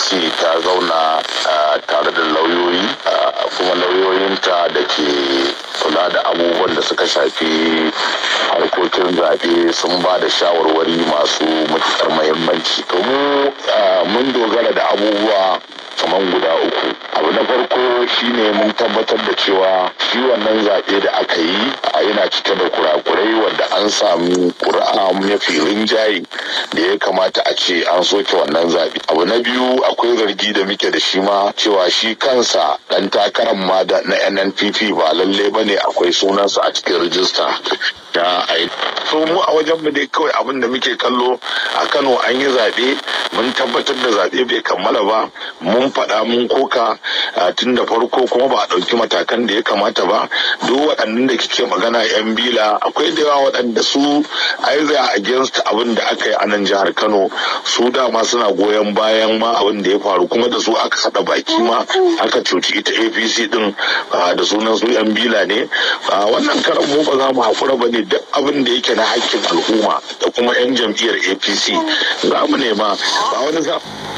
apc ta zauna tare da lauyoyi kuma lauyoyinta da ke kula da abubuwan da suka shafi harkokin zaɓe sun ba da shawarwari masu matuƙar mahimmanci to mu mun dogara da abubuwa kamar guda uku abu na farko shine mun tabbatar da cewa shi wannan zaɓe da aka yi yana cike da kurakurai wanda an samu ƙuri'a mafi rinjaye da ya kamata a ce an soke wannan zaɓe abu na biyu akwai zargi da muke da shi ma cewa shi kansa ɗan takarar ma da na nnpp ba lallai ba ne akwai sunansa a cikin rijista aiki so mu a wajen mu dai kawai abin da muke kallo a Kano an yi zaɓe mun tabbatar da zaɓe bai kammala ba mun faɗa mun koka tun da farko kuma ba a ɗauki matakan da ya kamata ba duk waɗannan da kike magana yan bila akwai da yawa waɗanda su ai a against abin da aka yi a nan jihar Kano su dama suna goyon bayan ma abin da ya faru kuma da su aka haɗa baki ma aka cuci ita APC din da sunan su yan bila ne wannan karan mu ba za mu haƙura ba ne duk abin da yake na hakkin al'umma da kuma 'yan jam'iyyar apc za mu nema ba wani